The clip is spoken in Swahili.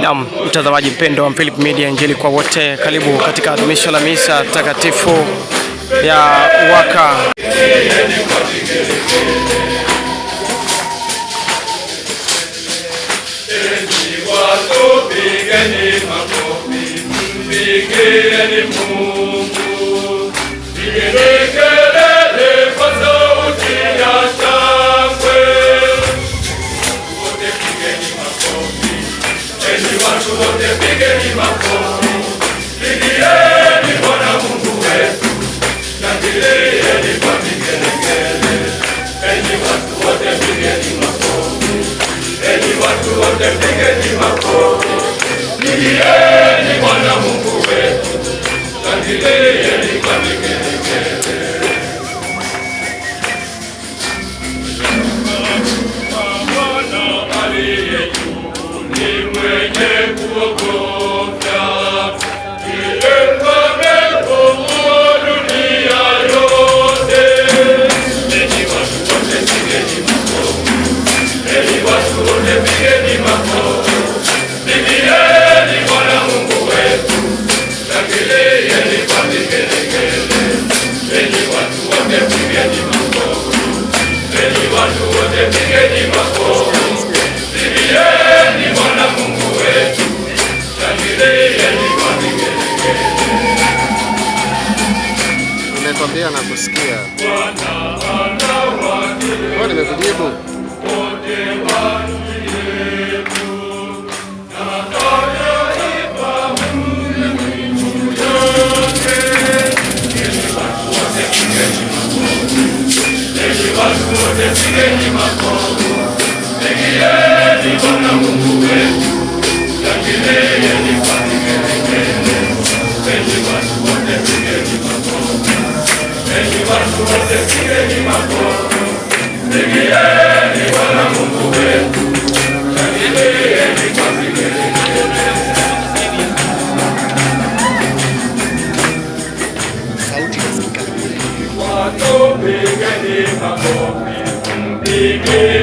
Naam, mtazamaji mpendo wa Philip Media, injili kwa wote, karibu katika adhimisho la misa takatifu ya waka Jeshi wote pigeni makofi. watu wote Nimekwambia na kusikia. Nimekujibu. Tetegireni makogo Tegireni Bwana Mungu wetu Tangileye nifani ngerekele Enyi watu wote pigeni makogo Enyi watu wote pigeni makogo Tegireni Bwana Mungu wetu Tangileye nifani ngerekele Sauti ya sikali Watu pigeni makogo He